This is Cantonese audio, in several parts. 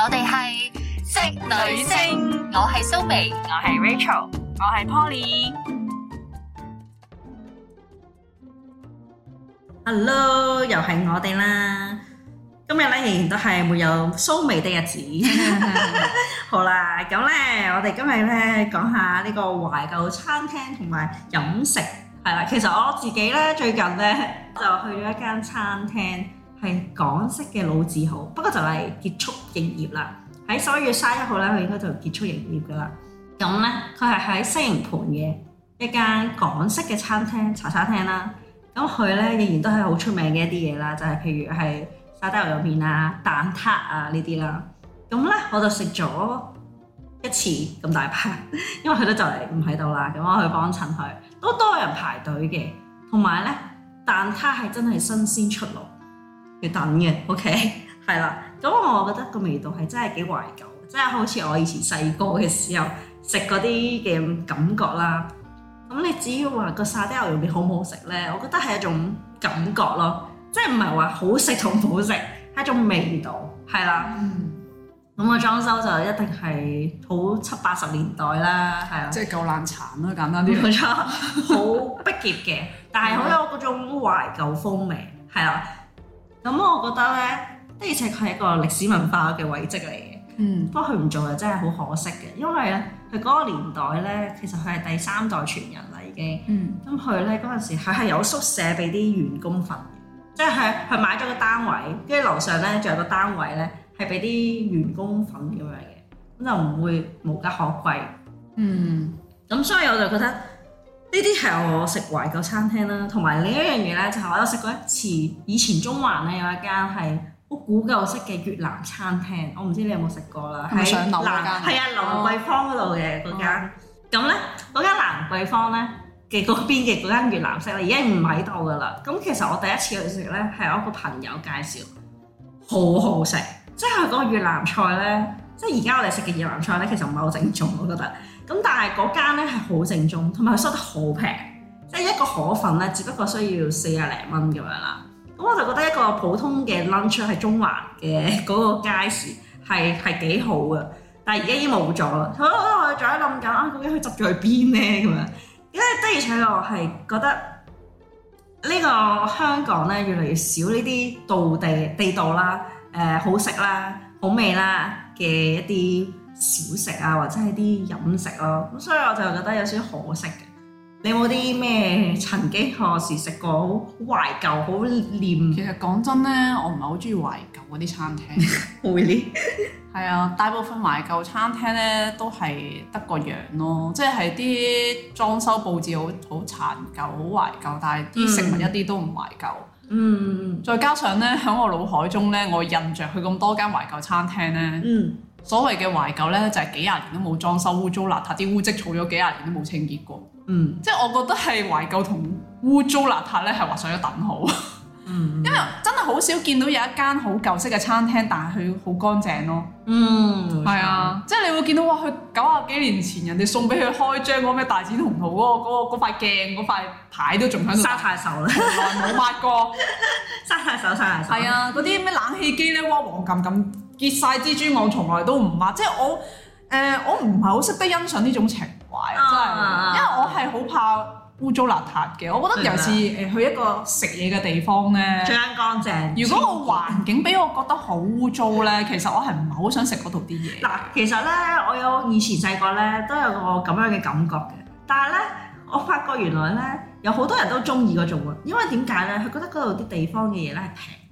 我哋係職女聲，我係蘇眉，我係 Rachel，我係 Polly。Hello，又係我哋啦。今日咧仍然都係沒有蘇眉的日子。好啦，咁咧我哋今日咧講下呢個懷舊餐廳同埋飲食係啦。其實我自己咧最近咧就去咗一間餐廳。係港式嘅老字號，不過就嚟結束營業啦。喺十一月三十一號咧，佢應該就結束營業噶啦。咁、嗯、咧，佢係喺西營盤嘅一間港式嘅餐廳茶餐廳啦。咁佢咧仍然都係好出名嘅一啲嘢啦，就係、是、譬如係沙嗲牛肉麵啊、蛋撻啊呢啲啦。咁、嗯、咧，我就食咗一次咁大排，因為佢都就嚟唔喺度啦。咁、嗯、我去幫襯佢都多人排隊嘅，同埋咧蛋撻係真係新鮮出爐。要等嘅，OK，係 啦。咁我覺得個味道係真係幾懷舊，即係好似我以前細個嘅時候食嗰啲嘅感覺啦。咁你只要話個沙爹牛肉麵好唔好食咧，我覺得係一種感覺咯，即係唔係話好食同唔好食，係一種味道，係啦。咁、嗯、個裝修就一定係好七八十年代啦，係啊。即係夠爛殘啦，簡單啲。冇錯，好逼狹嘅， 但係好有嗰種懷舊風味，係啊。咁我覺得咧，的而且確係一個歷史文化嘅遺跡嚟嘅。嗯，不過佢唔做又真係好可惜嘅，因為咧，佢嗰個年代咧，其實佢係第三代傳人啦，已經。嗯。咁佢咧嗰陣時，佢係有宿舍俾啲員工瞓嘅，即係佢買咗個單位，跟住樓上咧仲有個單位咧係俾啲員工瞓咁樣嘅，咁就唔會無家可歸。嗯。咁所以我就覺得。呢啲係我食懷舊餐廳啦，同埋另一樣嘢咧，就係、是、我有食過一次，以前中環咧有一間係好古舊式嘅越南餐廳，我唔知你有冇食過啦。喺蘭係啊，蘭桂坊嗰度嘅嗰間。咁咧、嗯，嗰、嗯、間蘭桂坊咧嘅嗰邊嘅嗰間越南食，咧已經唔喺度噶啦。咁其實我第一次去食咧，係我一個朋友介紹，好好食。即係嗰個越南菜咧，即係而家我哋食嘅越南菜咧，其實唔係好正宗，我覺得。咁但係嗰間咧係好正宗，同埋佢收得好平，即係一個河粉咧，只不過需要四十零蚊咁樣啦。咁我就覺得一個普通嘅 lunch 喺中環嘅嗰個街市係係幾好嘅，但係而家已經冇咗啦。所以我仲喺度諗緊啊，究竟佢執咗去邊咧咁樣？因為的而且確我係覺得呢個香港咧越嚟越少呢啲道地地道啦。誒、呃、好食啦、好味啦嘅一啲小食啊，或者係啲飲食咯，咁所以我就覺得有少少可惜嘅。你有冇啲咩曾幾何時食過好懷舊、好念？其實講真咧，我唔係好鍾意懷舊嗰啲餐廳，係 啊，大部分懷舊餐廳咧都係得個樣咯，即係啲裝修佈置好好殘舊、好懷舊，但係啲食物一啲都唔懷舊。嗯嗯，再加上呢，喺我腦海中呢，我印象佢咁多間懷舊餐廳呢，嗯、所謂嘅懷舊呢，就係、是、幾廿年都冇裝修污糟邋遢，啲污漬儲咗幾廿年都冇清潔過。嗯，即係我覺得係懷舊同污糟邋遢呢，係劃上一等號。因為真係好少見到有一間好舊式嘅餐廳，但係佢好乾淨咯。嗯，係啊，即係你會見到哇，佢九啊幾年前人哋送俾佢開張嗰咩大展鴻圖嗰個嗰個嗰塊鏡嗰塊牌都仲喺度，生晒銹啦，冇抹 過，生晒銹，生晒銹。係啊，嗰啲咩冷氣機咧，哇，黃撳撳，結晒蜘蛛網，從來都唔抹。即係我誒、呃，我唔係好識得欣賞呢種情懷，真係，因為我係好怕。污糟邋遢嘅，我覺得尤其是誒去一個食嘢嘅地方咧，最乾淨。如果個環境俾我覺得好污糟咧，嗯、其實我係唔係好想食嗰度啲嘢。嗱，其實咧，我有以前細個咧都有個咁樣嘅感覺嘅，但係咧，我發覺原來咧有好多人都中意嗰種喎，因為點解咧？佢覺得嗰度啲地方嘅嘢咧係平。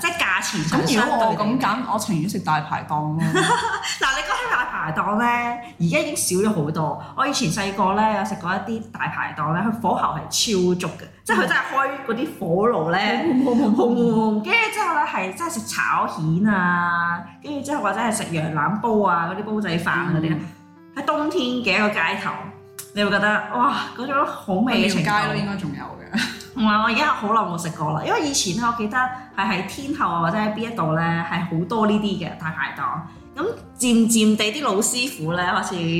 即係價錢咁。如果我咁揀，我情願食大排檔咯。嗱，你講起大排檔咧，而家已經少咗好多。我以前細個咧，有食過一啲大排檔咧，佢火候係超足嘅，即係佢真係開嗰啲火爐咧，跟住、嗯嗯嗯、之後咧係真係食炒蜆啊，跟住之後或者係食羊腩煲啊嗰啲煲仔飯嗰啲咧，喺、嗯、冬天嘅一個街頭，你會覺得哇嗰種好味嘅出街囉，應該仲……」唔係，我而家好耐冇食過啦，因為以前咧，我記得係喺天后啊，或者喺邊一度咧，係好多呢啲嘅大排檔。咁漸漸地，啲老師傅咧開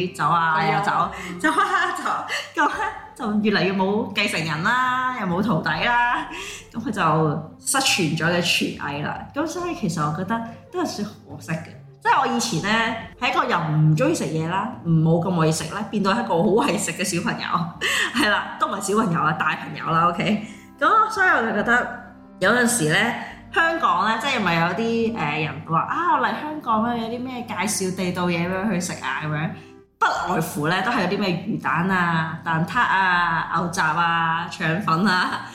始走啊，嗯、又走，走下、啊、走、啊，咁咧、啊、就越嚟越冇繼承人啦、啊，又冇徒弟啦、啊，咁佢就失傳咗嘅廚藝啦。咁所以其實我覺得都係算可惜嘅。即係我以前咧，係一個又唔中意食嘢啦，唔冇咁愛食咧，變到一個好愛食嘅小朋友，係啦，都唔係小朋友啦，大朋友啦，OK。咁所以我就覺得有陣時咧，香港咧，即係咪有啲誒、呃、人話啊我嚟香港咧，有啲咩介紹地道嘢咁樣去食啊咁樣，不外乎咧都係有啲咩魚蛋啊、蛋撻啊、牛雜啊、腸粉啊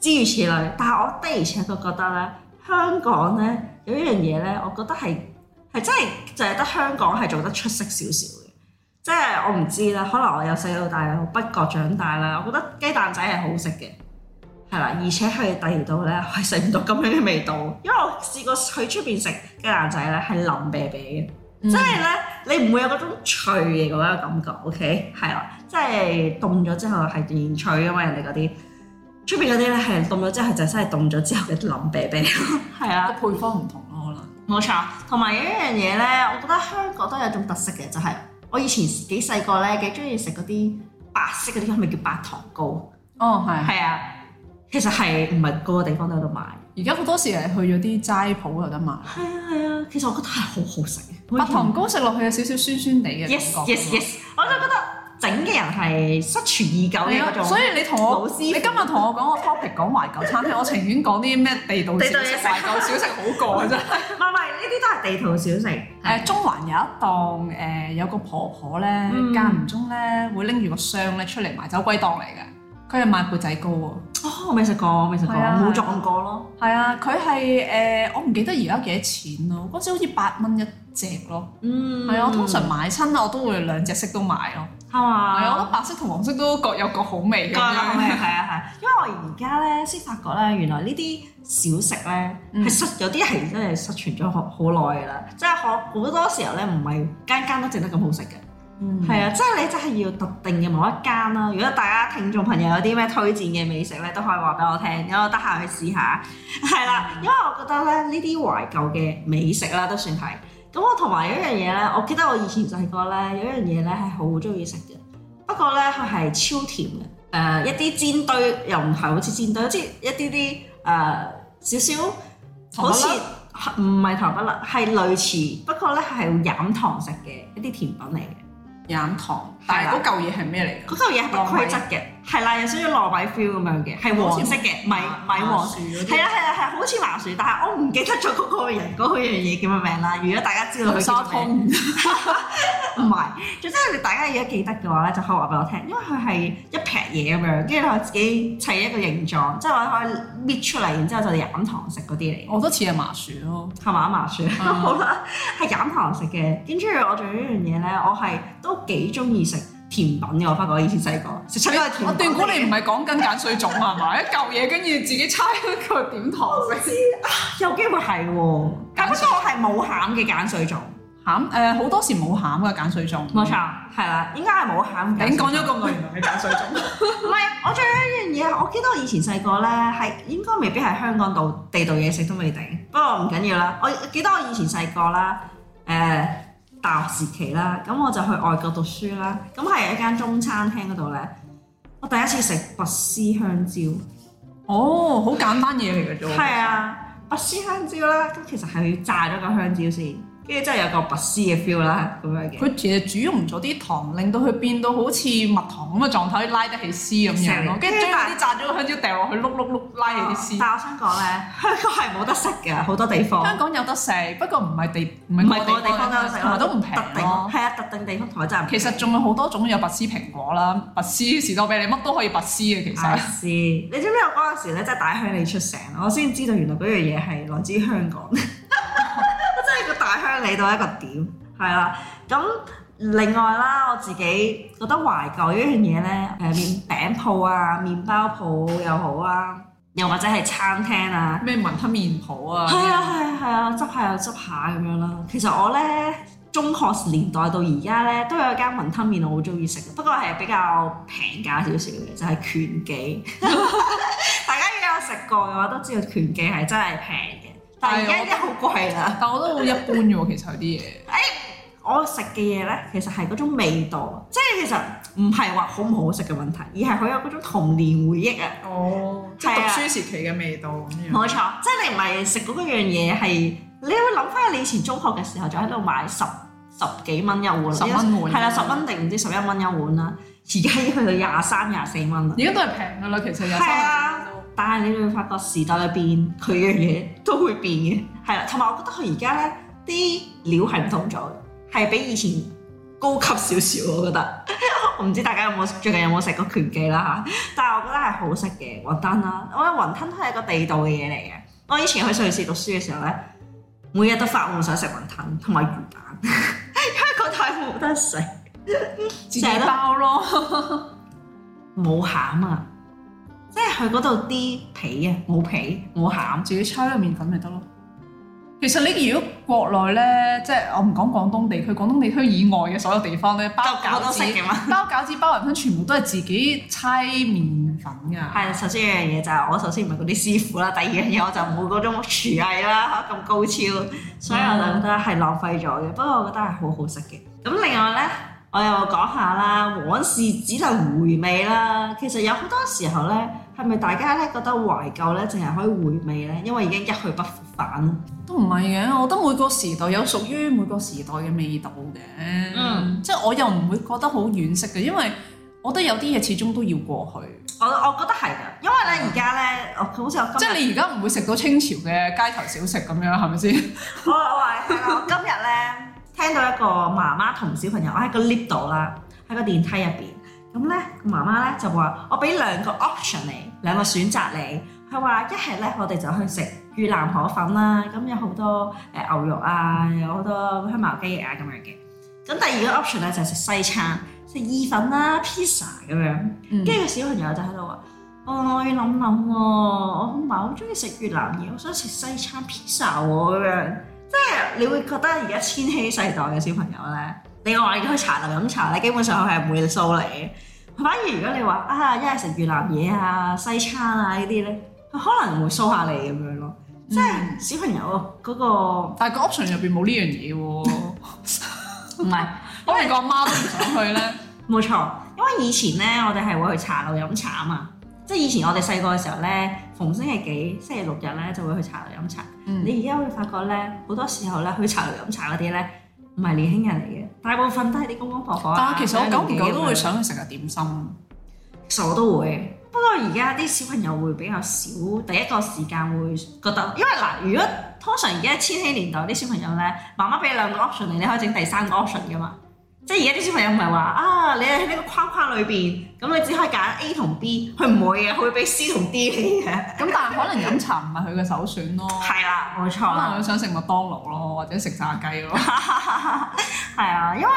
諸如此類。但係我的而且確覺得咧，香港咧有樣嘢咧，我覺得係。係真係淨係得香港係做得出色少少嘅，即係我唔知啦。可能我由細到大我不覺長大啦。我覺得雞蛋仔係好食嘅，係啦，而且佢第二度咧係食唔到咁樣嘅味道，因為我試過去出邊食雞蛋仔咧係腍啤啤嘅，嗯、即係咧你唔會有嗰種脆嘅嗰個感覺。OK，係啦，即係凍咗之後係軟脆啊嘛，因為人哋嗰啲出邊嗰啲咧係凍咗之後就真係凍咗之後嘅腍啤啤，係啊，配方唔同。冇錯，同埋有一樣嘢咧，我覺得香港都有一種特色嘅，就係、是、我以前幾細個咧幾中意食嗰啲白色嗰啲，係咪叫白糖糕？哦，係，係啊，其實係唔係個個地方都有得賣？而家好多時係去咗啲齋鋪有得賣。係啊係啊，其實我覺得係好好食。白糖糕食落去有少少酸酸地嘅感覺。Yes yes yes，我就覺得。整嘅人係失傳已久嘅嗰種，所以你同我，你今日同我講個 topic 講懷舊餐廳，我情願講啲咩地道小食、懷舊小食好過啊！真係，唔係唔係呢啲都係地道小食。誒中環有一檔誒有個婆婆咧，間唔中咧會拎住個箱咧出嚟賣，走鬼檔嚟嘅。佢係賣缽仔糕啊！哦，我未食過，我未食過，冇撞過咯。係啊，佢係誒我唔記得而家幾多錢咯。嗰陣時好似八蚊一隻咯。嗯，係啊，我通常買親我都會兩隻色都買咯。係、哦，我覺得白色同黃色都各有各好味嘅， 啊係啊，啊因為我而家咧先發覺咧，原來呢啲小食咧係、嗯、失，有啲係真係失傳咗好好耐噶啦，即係好好多時候咧唔係間間都整得咁好食嘅，係、嗯、啊，即係你真係要特定嘅某一間啦、啊。如果大家聽眾朋友有啲咩推薦嘅美食咧，都可以話俾我聽，等我得閒去試下。係啦、啊，嗯、因為我覺得咧呢啲懷舊嘅美食啦、啊，都算係。咁我同埋有一樣嘢咧，我記得我以前細個咧，有一樣嘢咧係好中意食嘅，不過咧佢係超甜嘅，誒、呃、一啲煎堆又唔係好似煎堆，即係一啲啲誒少少好似唔係糖粒不甩，係類似，不過咧係飲糖食嘅一啲甜品嚟嘅，飲糖，但係嗰嚿嘢係咩嚟嘅？嗰嚿嘢係不規則嘅。哦。係啦，嗯、有少少糯米 feel 咁樣嘅，係黃色嘅米、啊、米黃薯嗰係啊係啊係、啊，好似麻薯，但係我唔記得咗嗰個人嗰樣嘢叫乜名啦。如果大家知道佢疏沙通唔係， 總之你大家如果記得嘅話咧，就可以話俾我聽，因為佢係一撇嘢咁樣，跟住佢自己砌一個形狀，即係話可以搣出嚟，然之後就飲糖食嗰啲嚟。我都似係麻薯咯、哦，係咪麻薯？嗯、 好啦，係飲糖食嘅。跟住我仲有一樣嘢咧，我係都幾中意食。甜品嘅我發覺，以前細個食出，因為甜品、欸。我斷估你唔係講緊鹼水粽係嘛？一嚿嘢跟住自己猜佢點糖嘅。我知啊，有機會係喎。水但嗰個係冇餡嘅鹼水粽。餡誒好多時冇餡嘅鹼水粽。冇錯，係啦了，應該係冇餡嘅。你講咗咁耐， 原來嘅鹼水粽。唔 係， 我最驚一樣嘢，我記得我以前細個咧，係應該未必係香港度地道嘢食都未定。不過唔緊要啦，我記得我以前細個啦誒。大學時期啦，咁我就去外國讀書啦。咁係一間中餐廳嗰度咧，我第一次食拔絲香蕉。哦，好簡單嘢嚟嘅啫。係 啊，拔絲香蕉啦，咁其實係要炸咗個香蕉先。跟住真係有個拔絲嘅 feel 啦，咁樣嘅。佢其實煮融咗啲糖，令到佢變到好似蜜糖咁嘅狀態，拉得起絲咁樣咯。跟住將啲炸咗嘅香蕉掉落去，碌碌碌拉起啲絲。啊，但我想講咧，香港係冇得食嘅，好多地方。香港有得食，不過唔係地唔係個個地方有得食，同埋都唔平。特定。係啊，特定地方同埋真係其實仲有好多種有拔絲蘋果啦，拔絲士多啤梨乜都可以拔絲嘅，其實。拔絲。你知唔知我嗰陣時咧，真係大鄉里出城，我先知道原來嗰樣嘢係來自於香港。嚟到一個點，係啦。咁另外啦，我自己覺得懷舊呢樣嘢咧，誒、呃、麵餅鋪啊、麵包鋪又好啊，又或者係餐廳啊，咩雲吞麵鋪啊，係啊係啊係啊，執下又執下咁樣啦。其實我咧中學年代到而家咧，都有一間雲吞麵我好鍾意食，不過係比較平價少少嘅，就係、是、拳記。 大家如果有食過嘅話，都知道拳記係真係平。係，依家已經好貴啦。但係我都好一般嘅喎、 欸，其實有啲嘢。誒，我食嘅嘢咧，其實係嗰種味道，即係其實唔係話好唔好食嘅問題，而係佢有嗰種童年回憶啊。哦，即係讀書時期嘅味道。冇是、啊、錯，即係你唔係食嗰樣嘢係，你會諗翻你以前中學嘅時候就喺度買十十幾蚊一碗，十蚊碗，碗，係啦十蚊定唔知十一蚊一碗啦，而家已經去到廿三廿四蚊。而家都係平㗎啦，其實。係啊。但係你會發覺時代喺變，佢嘅嘢都會變嘅，係啦。同埋我覺得佢而家咧，啲料係唔同咗嘅，係比以前高級少少。我覺得， 我唔知大家有冇最近有冇食過拳記啦嚇，但係我覺得係好食嘅雲吞啦、啊。我覺得雲吞都係一個地道嘅嘢嚟嘅。我以前去瑞士讀書嘅時候咧，每日都發夢想食雲吞同埋魚蛋， 因為個太冇得食，食天 包咯，冇 餡啊！即係佢嗰度啲皮啊，冇皮冇餡，自己猜個麵粉咪得咯。其實你如果國內咧，即係我唔講廣東地，佢廣東地區以外嘅所有地方咧，包餃都食嘅嘛。包餃子包雲吞 全部都係自己猜麵粉㗎。係首先一樣嘢就係我首先唔係嗰啲師傅啦，第二樣嘢我就冇嗰種廚藝啦咁高超， 所以我覺得係浪費咗嘅。不過我覺得係好好食嘅。咁另外咧，我又講下啦，往事只能回味啦。其實有好多時候咧。係咪大家咧覺得懷舊咧，淨係可以回味咧？因為已經一去不返，都唔係嘅，我覺得每個時代有屬於每個時代嘅味道嘅。嗯，即係我又唔會覺得好惋惜嘅，因為我覺得有啲嘢始終都要過去。我我覺得係嘅，因為咧而家咧，好似即係你而家唔會食到清朝嘅街頭小食咁樣，係咪先？我我話係我今日咧聽到一個媽媽同小朋友，我喺個 lift 度啦，喺個電梯入邊。咁咧，媽媽咧就話：我俾兩個 option 你，兩個選擇你。佢話一係咧，我哋就去食越南河粉啦，咁有好多誒牛肉啊，有好多香茅雞翼啊咁樣嘅。咁第二個 option 咧就係食西餐，食意粉啦、pizza 咁樣。跟住、嗯、個小朋友就喺度話：我我要諗諗喎，我好唔係好中意食越南嘢，我想食西餐 pizza 喎咁樣。即係你會覺得而家千禧世代嘅小朋友咧？你話你去茶樓飲茶咧，基本上佢係唔會收你嘅。反而如果你話啊，一係食越南嘢啊、西餐啊呢啲咧，佢可能會收下你咁樣咯。嗯、即係小朋友嗰、嗰個，但係個 option 入邊冇呢樣嘢喎。唔係，可能個阿媽都唔想去咧。冇錯，因為以前咧，我哋係會去茶樓飲茶啊嘛。即係以前我哋細個嘅時候咧，逢星期幾、星期六日咧就會去茶樓飲茶。嗯、你而家會發覺咧，好多時候咧去茶樓飲茶嗰啲咧。唔係年輕人嚟嘅，大部分都係啲公公婆婆啊。但係其實我久唔久都會想去食下點心，傻都會。不過而家啲小朋友會比較少，第一個時間會覺得，因為嗱，如果通常而家千禧年代啲小朋友咧，媽媽俾兩個 option 你，你可以整第三個 option 㗎嘛。即係而家啲小朋友唔係話啊，你係喺呢個框框裏邊，咁你只可以揀 A 同 B，佢唔會嘅，佢會俾 C 同 D 嘅。咁但係可能飲茶唔係佢嘅首選咯。係啦，冇錯。可能佢想食麥當勞咯，或者食炸雞咯。係啊，因為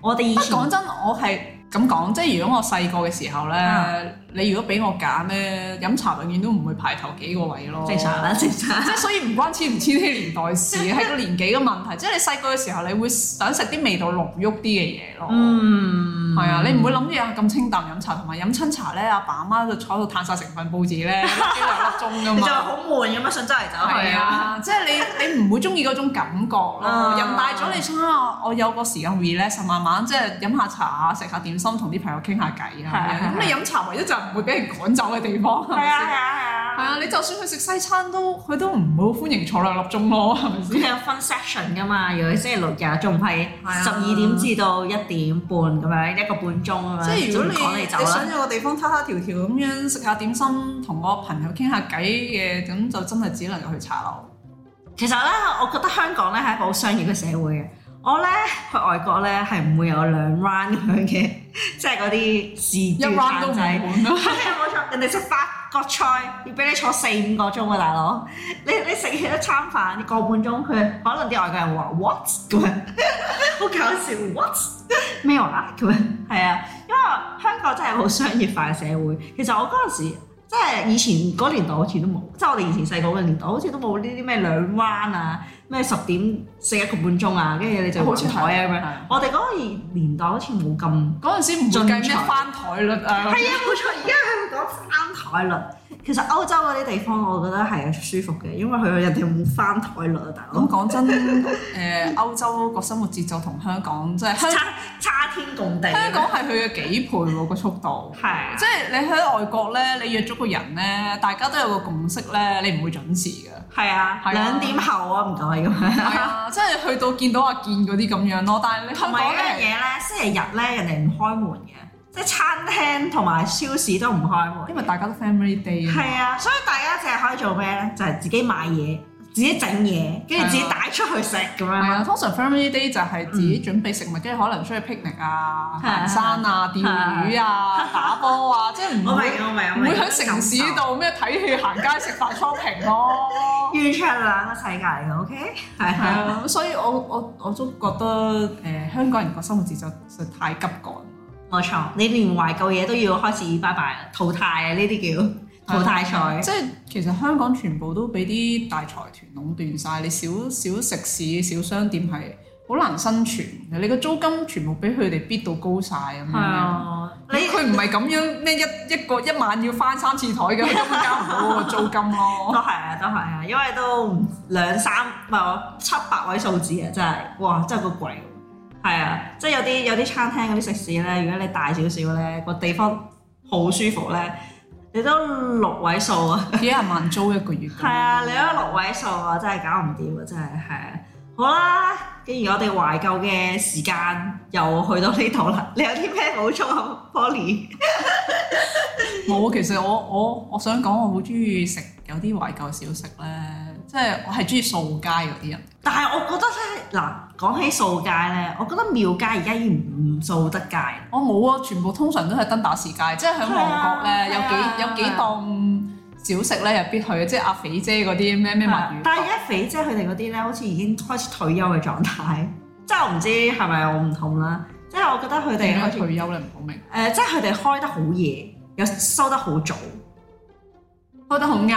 我哋以前講真，我係咁講，即係如果我細個嘅時候咧。嗯你如果俾我揀咧，飲茶永遠都唔會排頭幾個位咯。正常、啊，正常、啊。即係、啊、所以唔關千唔千禧年代事，係個 年紀嘅問題。即、就、係、是、你細個嘅時候，你會想食啲味道濃郁啲嘅嘢咯。嗯，係啊，你唔會諗啲嘢咁清淡，飲茶，同埋飲親茶咧，阿爸阿媽就坐度歎曬成份報紙咧，幾 兩粒鍾㗎就好悶㗎咩？想走嚟走係啊，即係、 啊就是、你你唔會中意嗰種感覺咯。飲、啊、大咗，你想我有個時間 relax 就慢慢即係飲下茶啊，食下點心，同啲朋友傾下偈咁、 啊、你飲茶為咗就是？會俾人趕走嘅地方。係啊，係啊，係啊，係啊！你就算去食西餐都佢都唔會好歡迎坐兩粒鐘咯，係咪先？佢有分 section 㗎嘛？如果星期六日仲係十二點至到一點半咁樣一個半鐘咁樣，即係、啊、如果你你想有個地方偷叉條條咁樣食下點心，同個、嗯、朋友傾下偈嘅咁，就真係只能夠去茶樓。其實咧，我覺得香港咧係一個好商業嘅社會嘅。我咧去外國咧係唔會有兩 round 咁樣嘅。即係嗰啲自助餐制，冇錯，人哋食八個菜要俾你坐四五個鐘啊，大佬！你你食起一餐飯個半鐘，佢可能啲外國人話 what 咁樣，好 搞笑， ，what 咩話咁樣？係啊，因為香港真係好商業化嘅社會。其實我嗰陣時，即係以前嗰年代，好似都冇，即係我哋以前細個嗰年代，好似都冇呢啲咩兩 round 啊。咩十點四一個半鐘啊，跟住你就翻台咁、啊、樣，我哋嗰個年代好似冇咁，陣時唔會計咩翻台率啊，係啊，冇錯，而家。翻台率，其實歐洲嗰啲地方，我覺得係舒服嘅，因為佢人哋冇翻台率啊，大佬。咁講真，誒，歐洲個生活節奏同香港真係差差天共地。就是，香港係佢嘅幾倍個速度，係、啊。即係你喺外國咧，你約咗個人咧，大家都有個共識咧，你唔會準時㗎。係啊，兩、啊、點後啊，唔該咁樣。係 啊，即、就、係、是、去到見到阿健嗰啲咁樣咯，但係同埋一樣嘢咧，星期日咧，人哋唔開門嘅。即係餐廳同埋超市都唔開喎，因為大家都 Family Day。係啊，所以大家凈係可以做咩咧？就係自己買嘢，自己整嘢，跟住自己帶出去食咁樣。係啊，通常 Family Day 就係自己準備食物，跟住可能出去 picnic 啊、行山啊、釣魚啊、打波啊，即係唔會唔會喺城市度咩睇戲、行街、食快餐平咯。完全兩個世界嚟嘅，OK？係啊，所以我我我都覺得誒香港人個生活節奏實在太急趕。冇錯，你連懷舊嘢都要開始拜拜淘汰啊！呢啲叫淘汰賽對。即係其實香港全部都俾啲大財團壟斷晒。你小小食肆、小商店係好難生存，你個租金全部俾佢哋 bid 到高晒。咁對樣。係、嗯、你佢唔係咁樣咧，一一個一晚要翻三次台嘅，佢更加交唔到嗰個租金咯、啊。 都係啊，都係啊，因為都兩三唔係七百位數字啊，真係，哇，真係個貴。係啊，即係有啲有啲餐廳嗰啲食肆咧，如果你大少少咧，個地方好舒服咧，你都六位數啊， 幾廿萬租一個月。係啊，你都六位數啊，真係搞唔掂啊，真係係啊。好啦，既然我哋懷舊嘅時間又去到呢度啦， 你有啲咩好充啊，Polly？冇， 其實我我我想講，我好中意食有啲懷舊小食咧。即係我係中意掃街嗰啲人，但係我覺得咧，嗱講起掃街咧，我覺得廟街而家已經唔掃得街、哦，我冇啊，全部通常都係登打士街，即係喺旺角咧有幾,、嗯、有,幾有幾檔小食咧入必去，即係阿肥姐嗰啲咩咩物語。但係而家肥姐佢哋嗰啲咧，好似已經開始退休嘅狀態，即係我唔知係咪我唔同啦，即係我覺得佢哋開始退休啦唔講明。誒、呃，即係佢哋開得好夜，又收得好早。開得好晏，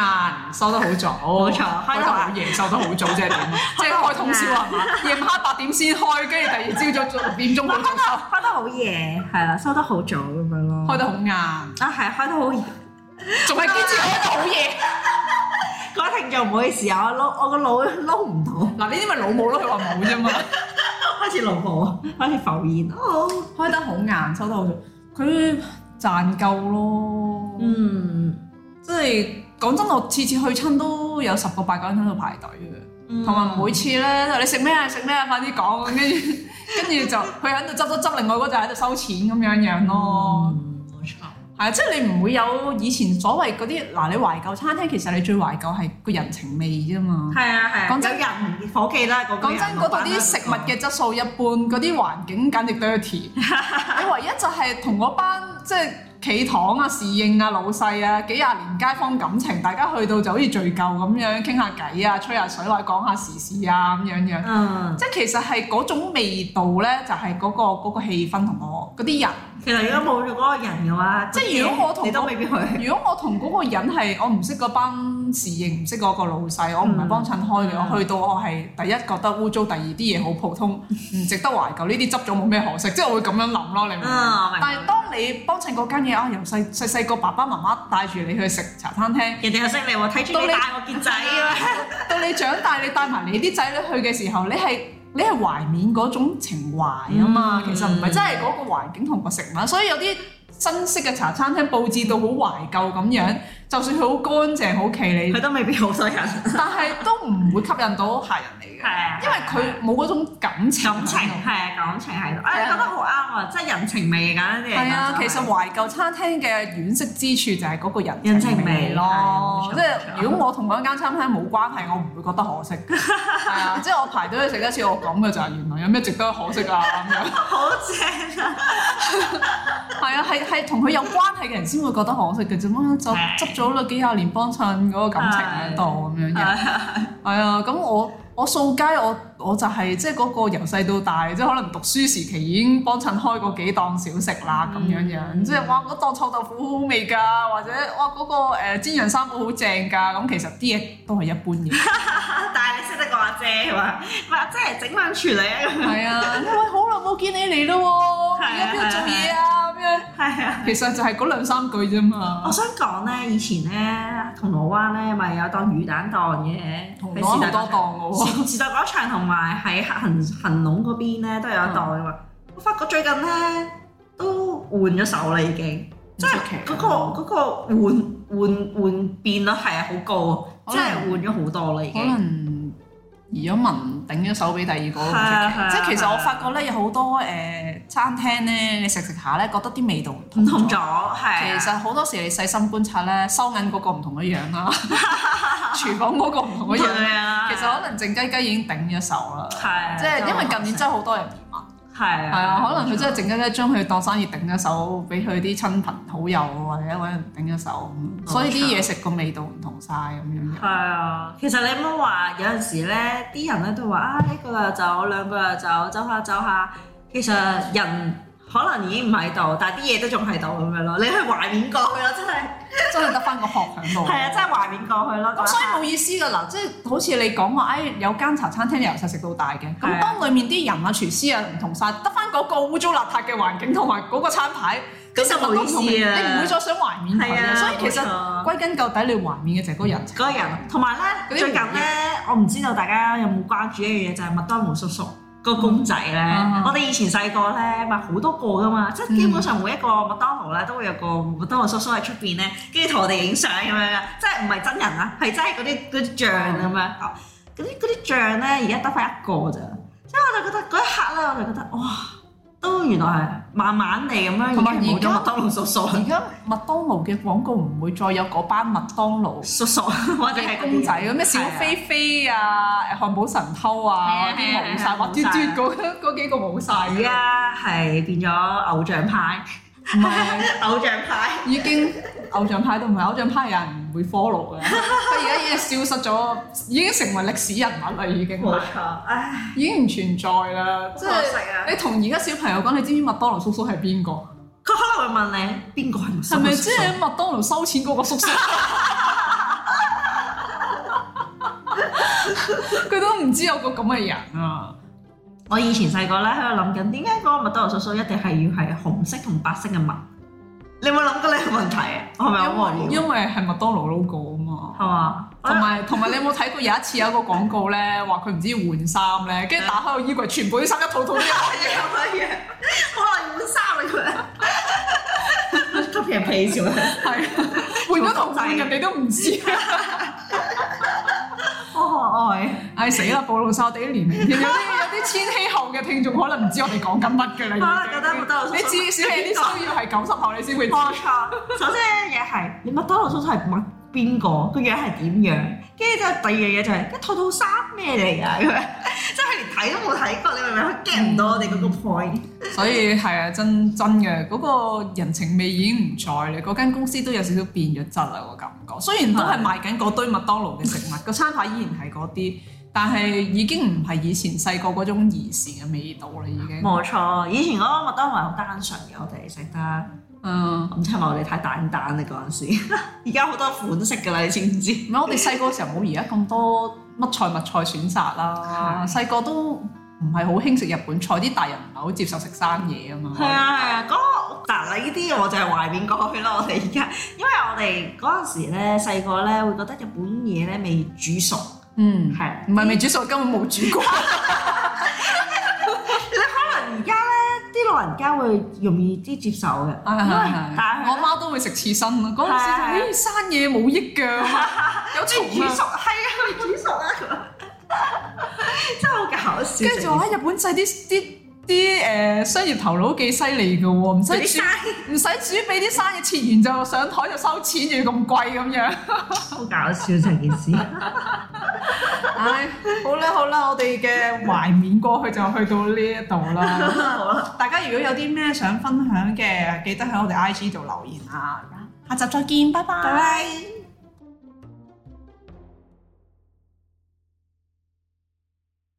收得好早，冇錯，開得好夜，收得好早，即係點？即係開通宵係嘛？夜晚黑八點先開，跟住第二朝早六點鐘嗰度開得好夜，係啦，收得好早咁樣咯。開得好晏啊，係開得好夜，仲係堅持開得好夜。嗰一停又唔好意思，我撈我個腦撈唔到。嗱呢啲咪老母咯，佢話冇啫嘛。開始老母，開始浮現。開得好晏，收得好早，佢賺夠咯。嗯。即係講真，我次次去親都，都有十個八個人喺度排隊嘅，同埋、嗯、每次咧，你食咩啊？食咩啊？快啲講！跟住跟住就佢喺度執執執， 另外嗰隻就喺度收錢咁樣樣咯。冇、嗯、錯，係即係你唔會有以前所謂嗰啲嗱，你懷舊餐廳其實你最懷舊係個人情味啫嘛。係啊係。講、啊、真，人伙記啦，講、那個、真嗰度啲食物嘅質素一般，嗰啲、嗯、環境簡直 dirty。 你唯一就係同嗰班即係。就是 企堂啊、侍應啊、老細啊，幾廿年街坊感情，大家去到就好似聚舊咁樣傾下偈啊、吹下水或者講下時事啊咁樣樣。嗯、即係其實係嗰種味道咧，就係嗰個嗰個氣氛同我嗰啲人。其實如果冇嗰個人嘅話，即係如果我同嗰個、你都未必會去、如果我同嗰個人係我唔識嗰班侍應唔識嗰個老細，我唔係幫襯開嘅，我、嗯嗯、去到我係第一覺得污糟，第二啲嘢好普通，唔值得懷舊。呢啲執咗冇咩可惜，即係我會咁樣諗咯。你明唔明？但係當你幫襯嗰間嘢啊，由細細細個爸爸媽媽帶住你去食茶餐廳，人哋又識你喎，睇住你帶我件仔啊！到你， 到你長大，你帶埋你啲仔女去嘅時候，你係你係懷緬嗰種情懷啊嘛，嗯、其實唔係真係嗰個環境同個食物，所以有啲新式嘅茶餐廳佈置到好懷舊咁樣。嗯嗯就算佢好乾淨好企理，佢都未必好多人。但係都唔會吸引到客人嚟嘅，因為佢冇嗰種感情。感情係感情喺度，你覺得好啱啊！即係人情味緊啲。係啊，其實懷舊餐廳嘅惋惜之處就係嗰個人情味咯。即係如果我同嗰間餐廳冇關係，我唔會覺得可惜。係啊，即係我排隊去食一次，我咁嘅就係原來有咩值得可惜啊咁樣。好正啊！係啊，係同佢有關係嘅人先會覺得可惜嘅啫嘛，就咗咗幾廿年幫襯，嗰個感情喺度咁樣嘅，係 啊，咁我我掃街我。我我就係即係嗰個由細到大，即係可能讀書時期已經幫襯開過幾檔小食啦咁樣樣，即係哇嗰檔臭豆腐好好味㗎，或者哇嗰個煎釀三寶好正㗎，咁其實啲嘢都係一般嘢， 但係你識得講阿姐話，話即係整翻廚嚟啊！係 啊 對，喂，好耐冇見你嚟咯喎，而家邊度做嘢啊？咁樣係啊，其實就係嗰兩三句啫嘛。我想講咧，以前咧銅鑼灣咧咪有檔魚蛋檔嘅，同好多檔嘅喎，時代廣場同。 同埋喺恆恆隆嗰邊咧都有一袋啊！嗯、我發覺最近咧都換咗手啦，已經即係嗰、嗰個嗰、嗰個嗰個換換換變率，係啊，好高，即係換咗好多啦，可能移咗民頂咗手俾第二個，嗯、即係其實我發覺咧有好多誒、呃、餐廳咧，你食食下咧覺得啲味道唔同咗，係其實好多時你細心觀察咧，收銀嗰個唔同嘅樣啦。 廚房嗰個唔可以，啊、其實可能靜雞雞已經頂咗手啦，即係、啊、因為近年真係好多人移民，係啊，啊，可能佢真係靜雞雞將佢當生意頂咗手，俾佢啲親朋好友或者一個人頂咗手，啊、所以啲嘢食個味道唔同晒。咁、啊、樣。係啊，其實你唔好話有陣時咧，啲人咧都話啊，一個又走，兩個又走，走下走下，其實人。可能已經唔喺度，但係啲嘢都仲喺度咁樣咯。你去懷緬過去咯，真係真係得翻個殼響度。係啊，真係懷緬過去咯。咁所以冇意思㗎喇，即係好似你講話，誒有間茶餐廳由細食到大嘅。咁當裡面啲人啊、廚師啊唔同晒，得翻嗰個污糟邋遢嘅環境同埋嗰個餐牌，咁就冇意思啦。你唔會再想懷緬，係啊。所以其實歸根究底，你懷緬嘅就係嗰個人、嗰個人，同埋呢最近呢，我唔知道大家有冇關注一樣嘢，就係麥當勞叔叔。個公仔咧，嗯啊、我哋以前細個咧咪好多個噶嘛，即係、嗯、基本上每一個麥當勞咧都會有個麥當勞叔叔喺出邊咧，跟住同我哋影相咁樣嘅，即係唔係真人啦，係真係嗰啲啲像咁樣，嗰啲啲像咧而家得翻一個咋，即係、嗯、我就覺得嗰一刻咧，我就覺得哇！都原來係慢慢嚟咁樣，冇咗麥當勞叔叔，而家麥當勞嘅廣告唔會再有嗰班麥當勞叔叔或者係公仔，咁咩小飛飛啊、是啊漢堡神偷啊，啲冇晒，滑嘟嘟嗰嗰幾個冇曬啊，而家係變咗偶像派， 偶像派 已經。偶像派都唔係偶像派，有人唔會 follow 嘅。佢而家已經消失咗，已經成為歷史人物啦。已經冇錯，唉，已經唔存在啦。即係、啊、你同而家小朋友講，你知唔知麥當勞叔叔係邊個？佢可能會問你邊個係麥當係咪即係麥當勞收錢嗰個叔叔？佢 都唔知有個咁嘅人啊！ 我以前細個咧喺度諗緊，點解嗰個麥當勞叔叔一定係要係紅色同白色嘅物？你有冇諗過呢個問題、啊？係咪、啊、因為因為係麥當勞 logo 啊嘛，係嘛吧？同埋同埋你有冇睇過有一次有一個廣告咧，話佢唔知要換衫咧，跟住打開個衣櫃，全部啲衫一套一套一樣，一樣，一樣，可能換衫啊。㗎。特別係屁笑啦， 換咗套換嘅，你都唔知。 可愛，唉死啦！暴露曬我哋啲年齡，有啲有啲千禧後嘅聽眾可能唔知我哋講緊乜嘅啦。你至少你啲需要係九十後你先會。冇錯，首先嘢係你麥當勞叔叔係問邊個，個樣係點樣，跟住之後第二樣嘢就係一套套衫咩嚟㗎。睇都冇睇過，你明唔明？get 唔到我哋嗰個 point、嗯。 所以係啊，真真嘅嗰、嗰個人情味已經唔在啦。嗰間公司都有少少變咗質啦，我感覺。雖然都係賣緊嗰堆麥當勞嘅食物，個 餐牌依然係嗰啲，但係已經唔係以前細個嗰種兒時嘅味道啦，已經。冇錯，嗯、以前嗰個麥當勞係好單純嘅，我哋食得。嗯，咁、嗯、即係話我哋太蛋蛋咧嗰陣時，而家好多款式噶啦，你知唔知？唔係 我哋細個時候冇而家咁多乜菜物菜選擇啦。細個都唔係好興食日本菜，啲大人唔係好接受食生嘢啊嘛。係啊係啊，嗰、啊那個、但係呢啲我就係懷念過去咯。我哋而家，因為我哋嗰陣時咧細個咧會覺得日本嘢咧未煮熟，嗯係，唔係未煮熟，根本冇煮過。 老人家會容易啲接受嘅，因為是我媽，媽都會食刺身咯。嗰陣是是 時就咦是生嘢冇益嘅， 有啲蟲、啊、煮熟，係啊煮熟啊， 真係好搞笑。跟住我喺日本食啲啲。 啲誒商業頭腦幾犀利嘅喎，唔使煮，唔使生煮，俾啲 生意切完就上枱就收錢，仲要咁貴咁樣， 好搞笑成件事。唉、 哎，好啦好啦，我哋嘅懷緬過去就去到呢一度啦。好啦，大家如果有啲咩想分享嘅，記得喺我哋 I G 度留言啊。下集再見，拜。拜拜。